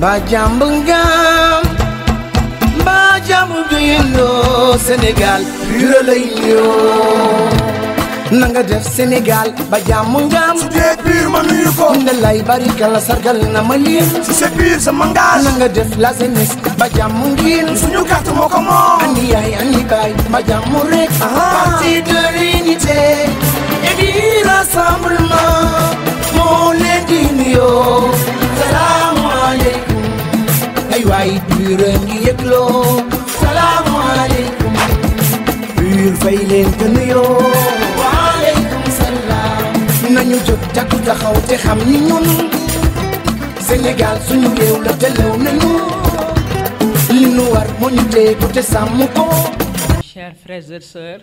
Bajam Bungam Bajam Bungam Sénégal pure na Nanga def Sénégal ba jàmm nga am. su ko. ndalay bari kala sargal na ma liin. si sa biir nga def la jeunesse ba jàmm ngeen. suñu carte moo ko moom. andi yaay andi baay ba jàmm rek. parti de l'unité. chers frères et sœurs,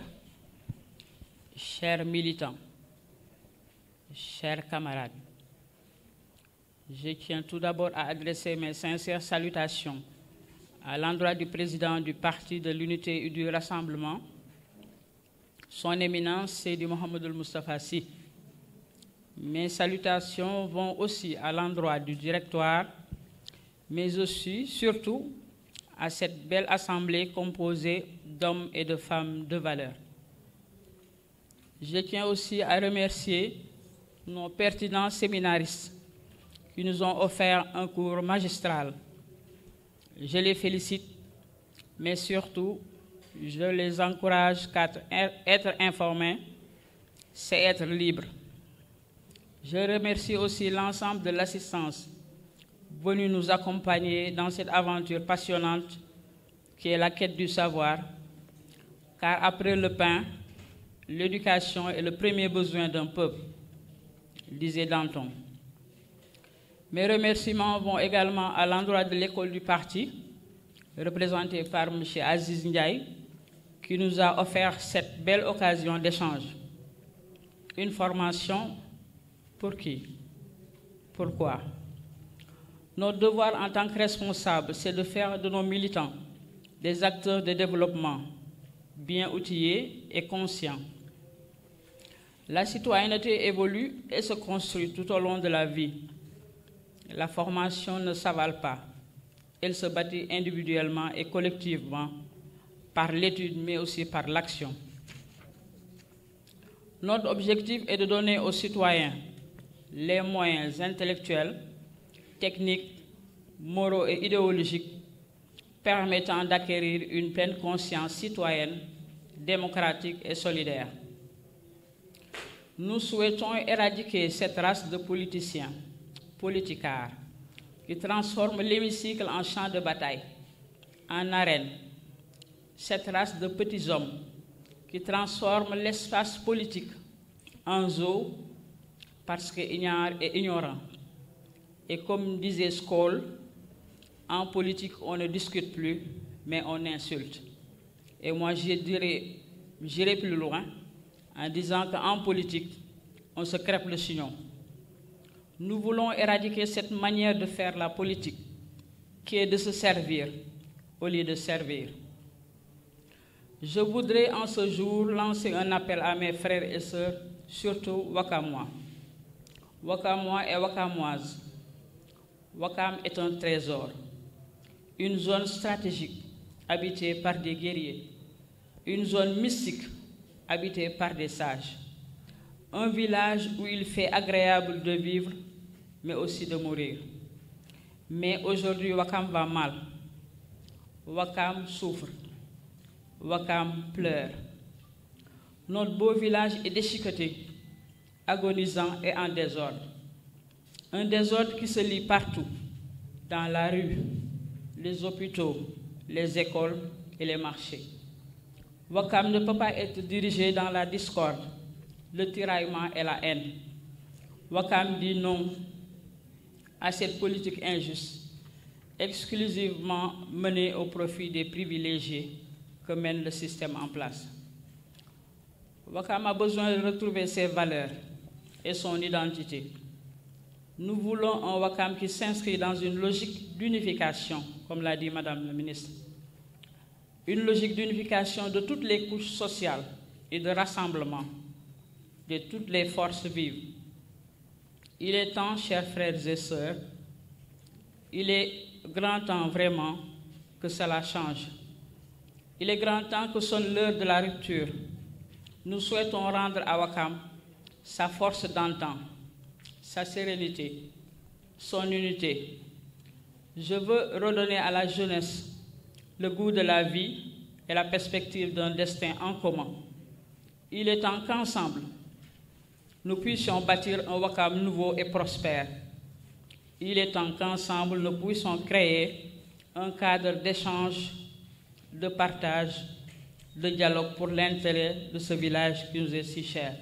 chers militants, chers camarades, je tiens tout d'abord à adresser mes sincères salutations à l'endroit du président du Parti de l'Unité et du Rassemblement, son Éminence Mohamed Mohamed Moustapha Si. Mes salutations vont aussi à l'endroit du directoire, mais aussi, surtout, à cette belle assemblée composée d'hommes et de femmes de valeur. Je tiens aussi à remercier nos pertinents séminaristes qui nous ont offert un cours magistral. Je les félicite, mais surtout, je les encourage à être informés, c'est être libre. Je remercie aussi l'ensemble de l'assistance venue nous accompagner dans cette aventure passionnante qui est la quête du savoir, car après le pain, l'éducation est le premier besoin d'un peuple, disait Danton. Mes remerciements vont également à l'endroit de l'école du parti, représentée par M. Aziz Ndiaye, qui nous a offert cette belle occasion d'échange. Une formation pour qui Pourquoi Notre devoir en tant que responsable, c'est de faire de nos militants des acteurs de développement bien outillés et conscients. La citoyenneté évolue et se construit tout au long de la vie. La formation ne s'avale pas. Elle se bâtit individuellement et collectivement par l'étude, mais aussi par l'action. Notre objectif est de donner aux citoyens les moyens intellectuels, techniques, moraux et idéologiques permettant d'acquérir une pleine conscience citoyenne, démocratique et solidaire. Nous souhaitons éradiquer cette race de politiciens, politicards, qui transforment l'hémicycle en champ de bataille, en arène, cette race de petits hommes qui transforment l'espace politique en zoo parce ignorent et ignorant. Et comme disait Skoll, en politique, on ne discute plus, mais on insulte. Et moi, j'irai plus loin en disant qu'en politique, on se crêpe le chignon. Nous voulons éradiquer cette manière de faire la politique, qui est de se servir au lieu de servir. Je voudrais en ce jour lancer un appel à mes frères et sœurs, surtout Wakamwa. Wakamois et Wakamoises. Wakam est un trésor, une zone stratégique habitée par des guerriers, une zone mystique habitée par des sages, un village où il fait agréable de vivre, mais aussi de mourir. Mais aujourd'hui, Wakam va mal. Wakam souffre. Wakam pleure. Notre beau village est déchiqueté, agonisant et en désordre. Un désordre qui se lit partout, dans la rue, les hôpitaux, les écoles et les marchés. Wakam ne peut pas être dirigé dans la discorde, le tiraillement et la haine. Wakam dit non à cette politique injuste, exclusivement menée au profit des privilégiés que mène le système en place. Wakam a besoin de retrouver ses valeurs et son identité. Nous voulons un Wakam qui s'inscrit dans une logique d'unification, comme l'a dit Madame la Ministre. Une logique d'unification de toutes les couches sociales et de rassemblement de toutes les forces vives. Il est temps, chers frères et sœurs, il est grand temps vraiment que cela change. Il est grand temps que sonne l'heure de la rupture. Nous souhaitons rendre à Wakam sa force d'antan, sa sérénité, son unité. Je veux redonner à la jeunesse le goût de la vie et la perspective d'un destin en commun. Il est temps qu'ensemble, nous puissions bâtir un Wakam nouveau et prospère. Il est temps qu'ensemble, nous puissions créer un cadre d'échange de partage, de dialogue pour l'intérêt de ce village qui nous est si cher.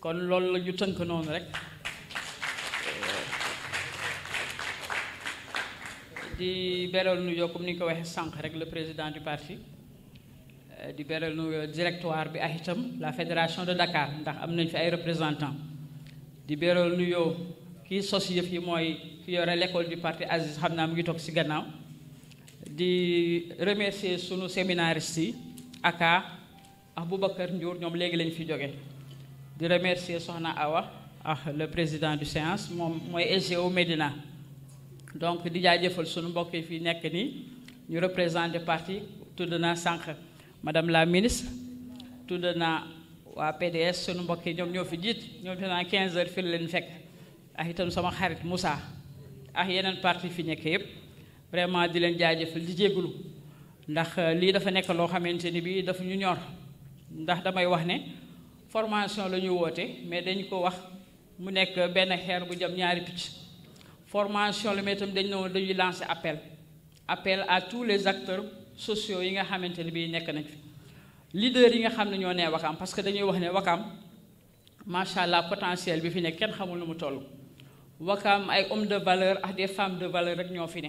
kon loolu la ñu tënk noonu rek di beral nuyoo comme ni ñu ko waxee sànq rek le président du parti di beral nuyoo directoire bi ahitam la fédération de Dakar ndax am nañ fi ay représentants di beral nuyoo kii sos yëf yi mooy ki yore l'école du parti Aziz xam naa mu ngi toog si gannaaw de remercier sunu séminaristes aka Aboubacar Ndiour ñom lañ fi di remercier Soxna Awa ah le président du séance mom moy SGO Médina donc di sunu mbokk fi nek Nous ñu représenter parti tout sank madame la ministre tout naa PDS sunu mbokk ñom ñoo fi 15 heures fi leen ah, sama Moussa ah, parti fi vraiment di leen jaajëfal di jégalu ndax euh, lii dafa nekk loo xamante ni bii dafa ñu ñor ndax damay wax ne formation la ñu woote mais dañ ko wax mu nekk benn xeer bu jëm ñaari picc formation la mais itam dañu ne dañuy lancer appel appel à tous les acteurs sociaux yi nga xamante ni bii nekk nañ fi leader yi nga xam ne ñoo nee Wakaam parce que dañuy wax ne wakam macha allah potentiel bi fi nekk kenn xamul nu mu toll Wakaam ay homme de valeur ak des femmes de valeur rek ñoo fi ne.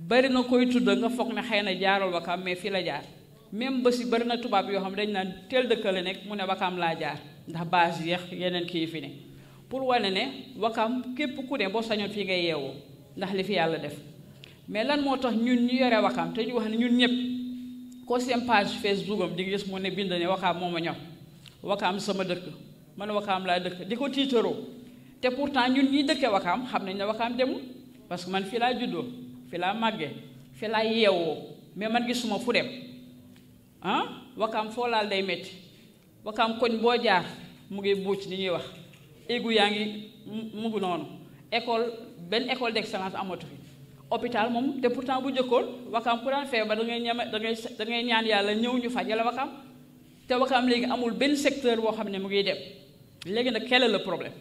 bari na koy tudd nga foog ne xëy na jaarul wakaam mais fii la jaar même ba si bari na tubaab yoo xam ne dañ naan teel dëkkale nekk mu ne wakaam laa jaar ndax base yeex yeneen kii ne pour wane ne wakaam képp ku ne boo sañoon fii ngay yeewoo ndax li fi yàlla def mais lan moo tax ñun ñu yore wakaam te ñu wax ne ñun ñëpp ko seen page Facebook am di nga gis mu ne bind ne wakaam moo ma ñor wakaam sama dëkk man wakaam laa dëkk di ko tiitaroo te pourtant ñun ñuy dëkkee wakaam xam nañ ne wakaam demul parce que man fii laa juddoo fila magge màgge yewo me yeewoo mais man fu dem ah wakam fo laal day metti wakam koñ bo jaar mu ngi bucc ni ñi wax egu yaangi mu ngi noonu école ben école d'excellence amatu fi hôpital mom te pourtant bu jëkkoon wakam ku daan feebar da ngay ñama da ngay da ngay ñaan yàlla ñëw ñu faj la wakam te wakam léegi amul ben secteur boo xam ne mu ngi dem léegi nag quel est le problème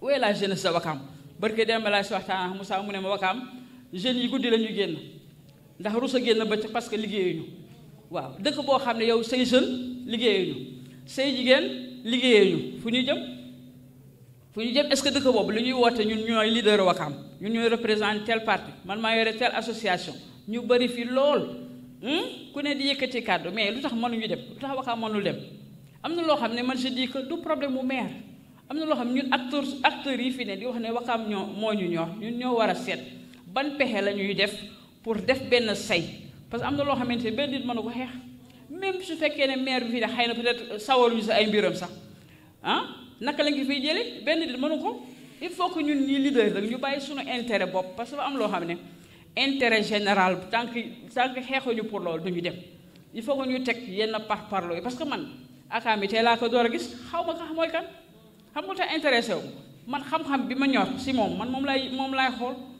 où est la jeunesse de wakam barke dem la si waxtaan Moussa mu ne ma wakam jeunes yi guddi la génn ndax rus a génn bëccëg parce que liggéeyuñu waaw dëkk boo xam ne yow say jeune liggéeyuñu say jigéen liggéeyuñu fu ñuy jëm fu ñu jëm est-ce que dëkk boobu li ñuy woote ñun ñooy leader Wakam ñun ñooy représente tel parti man maa yore telle association ñu bëri fi lool hmm? ku ne di yëkkati kàddu mais lu tax mënuñu dem lu tax Wakam mënul dem am na loo xam ne man je dis du problème mu maire am na loo xam ne ñun acteurs acteurs yi fi ne di wax ne Wakam ñoo moo ñu ñor ñun ñoo war a seet ban pexe la ñuy def pour def benn say parce que am na loo xamante ne benn nit mën na ko xeex même su fekkee ne maire bi fii de xay na peut-être sawaruñu sax ay mbiram sax ah naka la ngi fay jëlee benn nit mënu ko il faut que ñun ñi leader rek ñu bàyyi suñu intérêt bopp parce que am loo xam ne intérêt général tant que tant que xeexuñu pour loolu duñu dem il faut que ñu teg yenn par parlo yi parce que man akaam yi tey laa ko door a gis xaw ma ko mooy kan xam nga te intéressé wu man xam bi ma ñor si moom man moom laay moom laay xool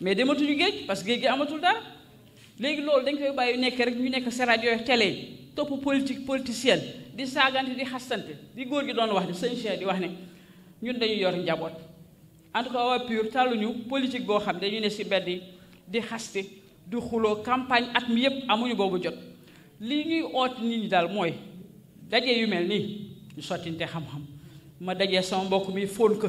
mais dematuñu géej parce que géej gi amatul dara léegi loolu dañ koy bàyyi nekk rek ñu nekk seraat yooyu télé yi topp politique politicienne di saagante di xastante di góor gi doon wax ne sëñ Cheikh di wax ne ñun dañu yor njaboot en tout cas waa PUR tàlluñu politique boo xam dañu ne si mbedd di xaste di xuloo campagne at mi yëpp amuñu boobu jot li ñuy oot nit ñi daal mooy daje yu mel nii ñu sottinte xam-xam ma dajee sama mbokk mi fóon ko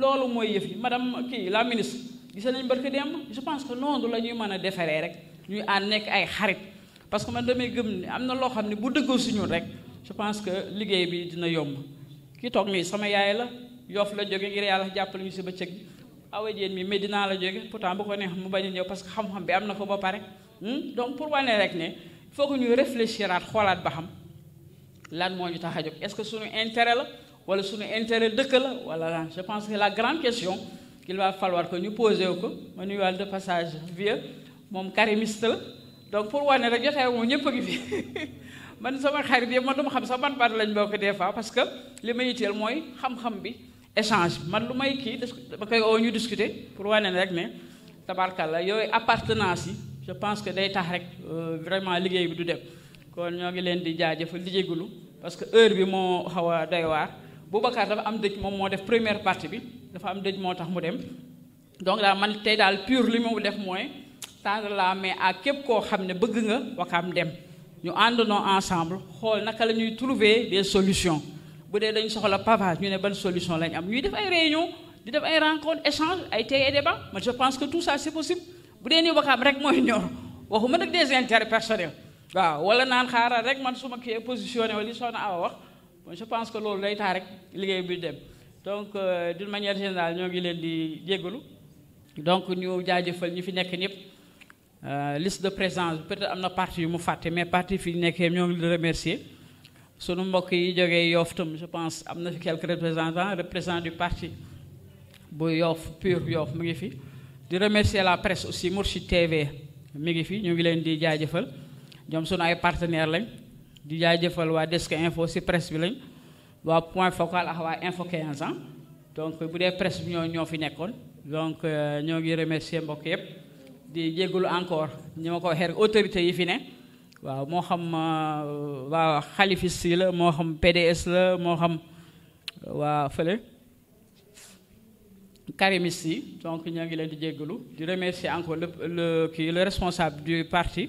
loolu mooy yëf yi madame kii la ministre gisee nañ barke démb je pense que noonu la ñuy mën a defaree rek ñuy ànd nekk ay xarit parce que man damay gëm ni am na loo xam ne bu dëggoo si ñun rek je pense que liggéey bi dina yomb ki toog nii sama yaay la yoof la jóge ngir yàlla jàppale ñu si bëccëg awa jéen mi Medina la jóge pourtant bu ko neex mu bañ a ñëw parce que xam-xam bi am na ko ba pare hmm? donc pour wane rek ne il faut que ñu réfléchiraat xoolaat ba xam lan moo ñu tax a jóg est-ce que suñu intérêt la wala suñu intérêt dëkk la wala je pense que la grande question qu'il va falloir que ñu poser wu ko ma nuyuwaal de passage vieux moom karimiste la donc pour wane rek jotaay mo ñëpp a fi man sama xarit yi man duma xam sax ban baat lañ bokk des fois parce que li ma yitteel mooy xam-xam bi échange man lu may kii dama koy oo ñu discuter pour wane rek ne tabarkalla yooyu appartenance yi je pense que day tax rek euh, vraiment liggéey bi du dem kon ñoo ngi leen di jaajëfal di jégalu parce que heure bi moo xaw a doy waar Boubacar dafa am dëj moom moo def première partie bi dafa am dëj moo tax mu dem donc daal man tey daal pur li mu def mooy tendre la main à képp koo xam ne bëgg nga Wakaam dem ñu àndandoo ensemble xool naka la ñuy trouver des solutions bu dee dañ soxla pavage ñu ne ban solution lañ am ñuy def ay réunion di def ay rencontre échange ay tey ay débat man je pense que tout ça c'est possible bu dee ni Wakaam rek mooy ñor waxuma nag des intérêts personnels waaw wala naan xaaral rek man su ma kii positionné wala li soxna Awa wax je pense que lolu day ta rek liggéey bi dem donc euh, d'une manière générale ñoo ngi leen di jéggalu donc ñu jaajëfal ñi fi nekk ñëpp euh, liste de présence peut-être amna parti yu mu faté mais parti fi nekk ñoo ngi di remercier sunu mbokk yi jógee yoftum je pense amna fi quelques représentants représentants du parti bu Yoff pur Yoff mu ngi fi di remercier la presse aussi Mourchi TV mi ngi fi ñu ngi leen di jaajëfal ñom sunu ay partenaires lañ di jaajëfal waa desk info si presse bi lañ waa point focal ak waa info 15 ans donc bu dee presse bi ñoo ñoo fi nekkoon donc euh, ñoo ngi remercier mbokk yëpp di jégalu encore ñi ma ko waxee autorité yi fi ne waaw moo xam euh, waa xalifis yi la moo xam PDS la moo xam waa fële karimis yi donc ñoo ngi leen di jégalu di remercier encore le le kii le responsable du parti